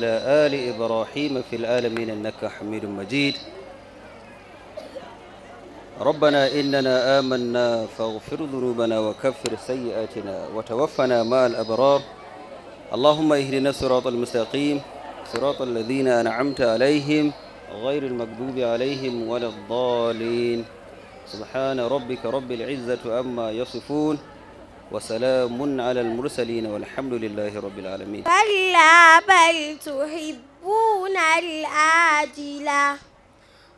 على آل إبراهيم في العالمين إنك حميد مجيد ربنا إننا آمنا فاغفر ذنوبنا وكفر سيئاتنا وتوفنا مع الأبرار اللهم اهدنا الصراط المستقيم صراط الذين أنعمت عليهم غير المكذوب عليهم ولا الضالين سبحان ربك رب العزة أما يصفون وسلام على المرسلين والحمد لله رب العالمين كلا بل تحبون الآجلة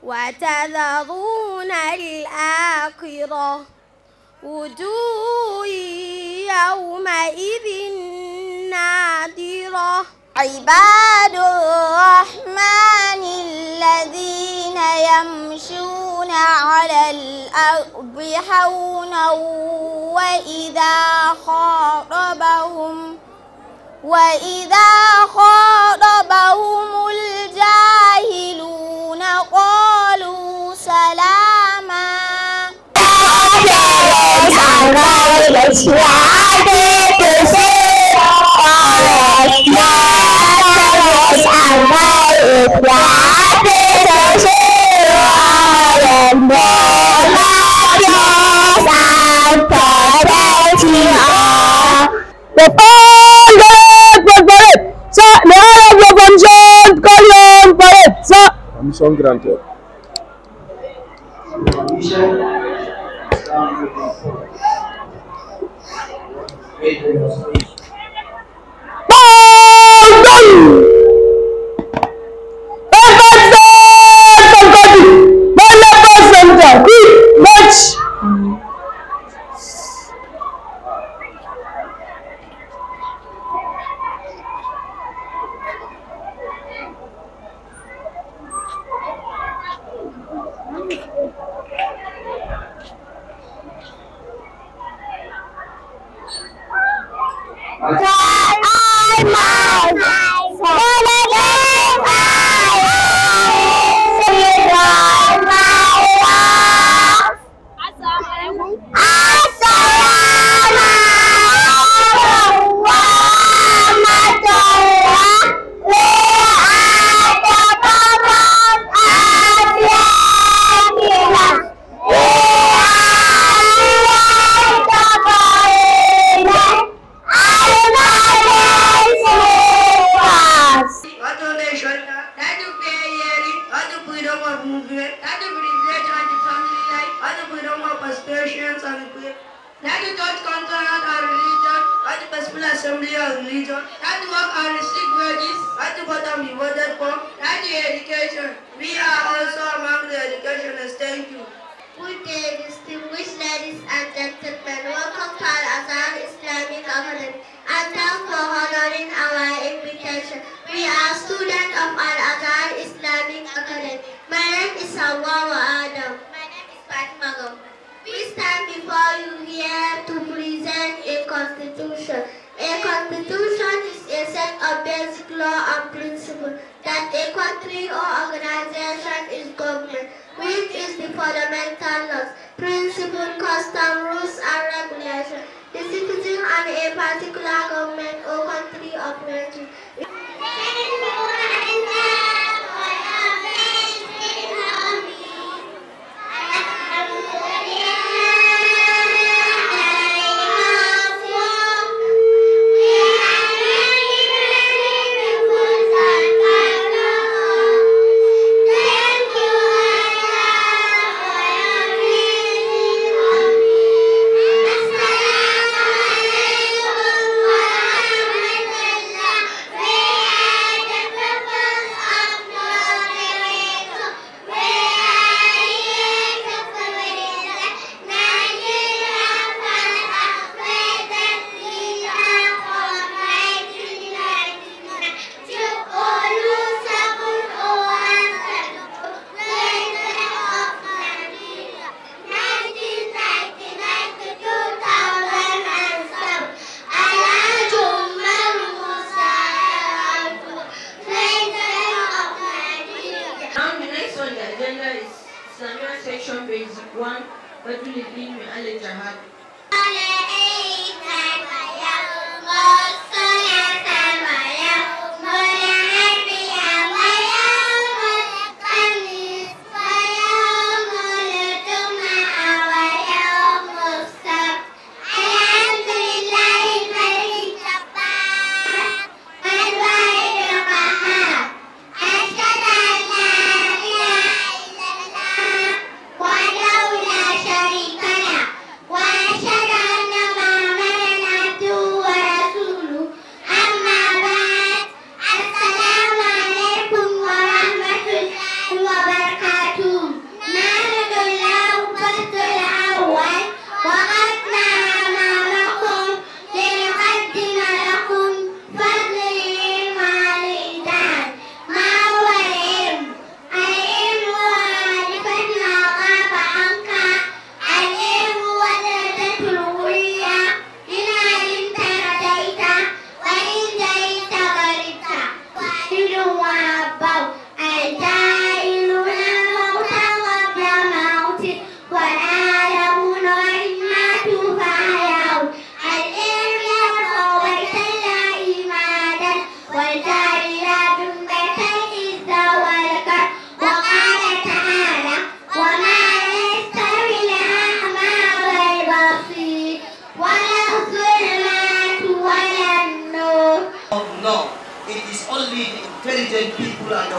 وتذرون الآخرة وجوه يومئذ نادرة عباد الرحمن الذين الذين يمشون على الأرض حونا وإذا خاطبهم وإذا خاطبهم الجاهلون قالوا سلاما Yeah. I have your consent? Permission granted. education. Hard work and strict wages at the bottom rewarded for that education. We are also among the educationists. Thank you. Good day, distinguished ladies and gentlemen. Welcome to Al-Azhar Islamic particular government or country of Nigeria.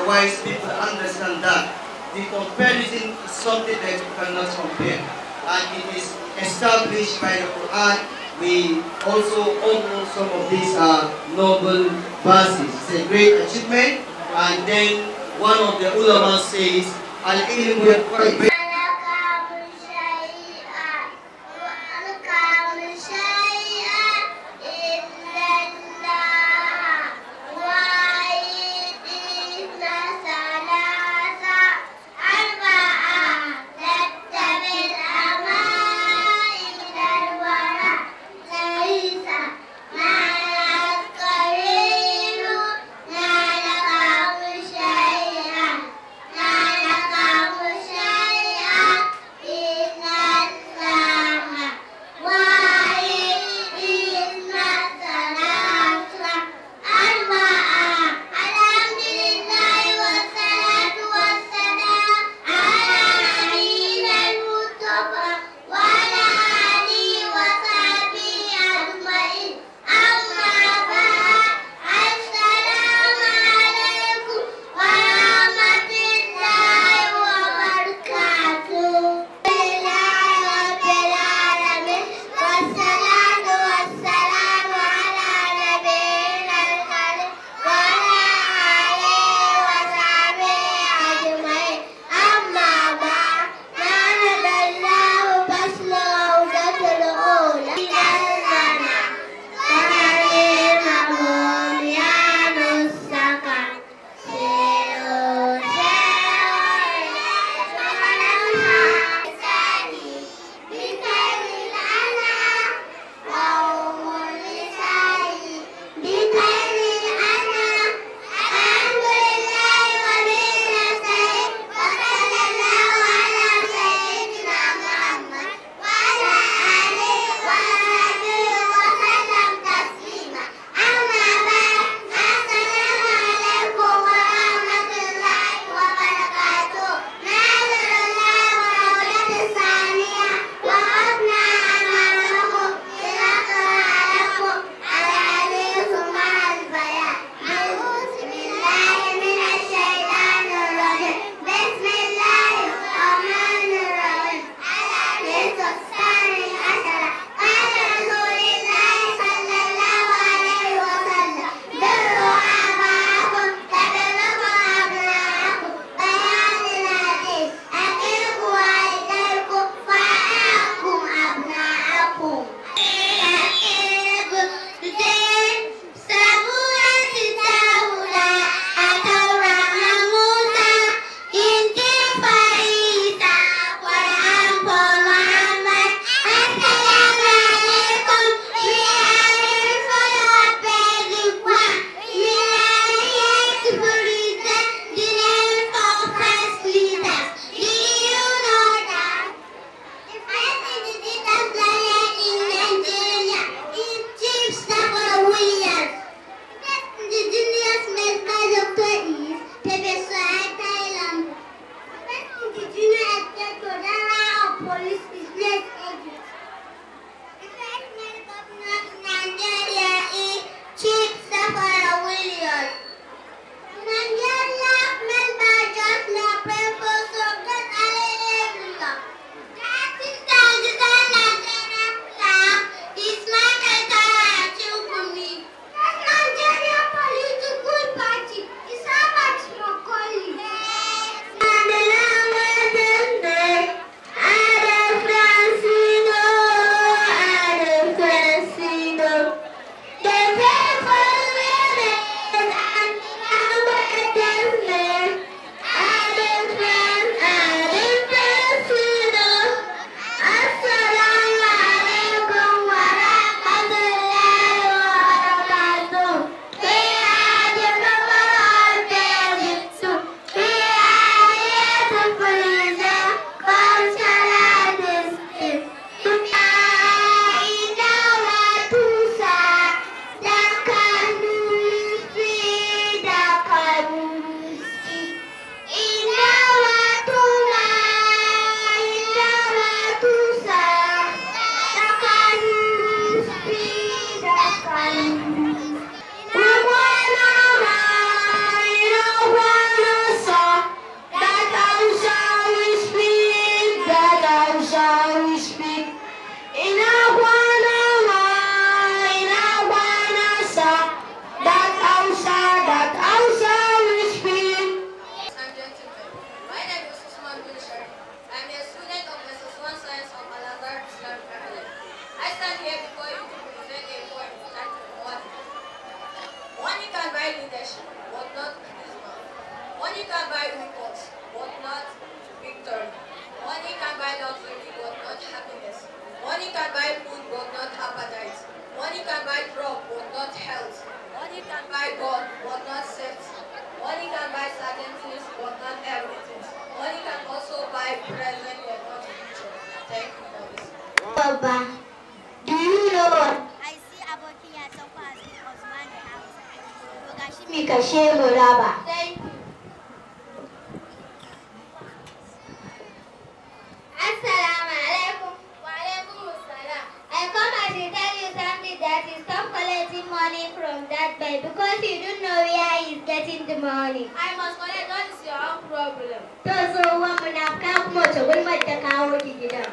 wise people understand that the comparison is something that you cannot compare. And it is established by the Quran. We also honor some of these uh, noble verses. It's a great achievement. And then one of the ulama says, Al-ilm Money can also buy present, not future. Thank you for this. Baba, do you know what? I see Aboki Yatoko as the house. Rogashimi Kashe away from that boy, because you don't know where he's getting the money. I must collect, that is your own problem. To so woman, I've come much, we might take out the dinner.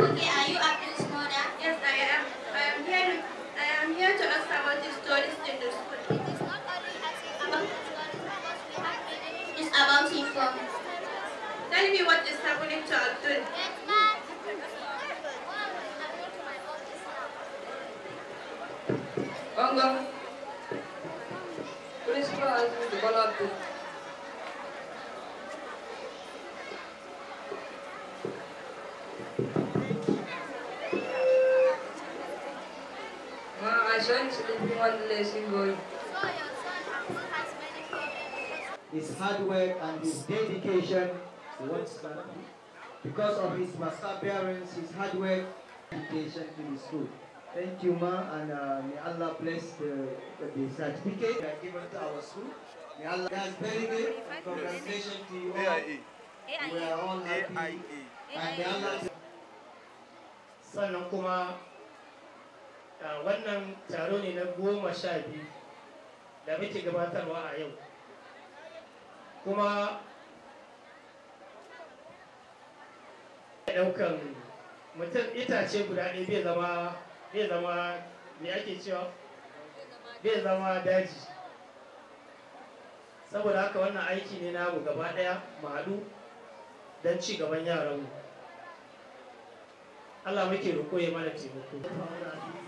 Okay, are you up Abdul's mother? Yes, I am. I am here, I am here to ask about the stories in the school. It is not only asking about the stories It's about him for Tell me what is happening to Abdul. Yes, Bongo. Principal His hard work and his dedication because of his perseverance, his hard work, dedication to the school. Thank you, Ma, and uh, may Allah bless the, the the certificate that given to our school. May Allah bless very good. Congratulations to you all. AIA. E. E. We are all happy. AIA. E. And may Allah. bless. Sannan kuma wannan taro ne na goma sha biyu da muke gabatarwa a yau. Kuma ɗaukan mutum itace guda ɗaya bai zama zai zama me ake cewa zai zama daji saboda haka wannan aiki ne abu gaba ɗaya mu don ci gaban yaranmu Allah muke roƙo ya mana taimako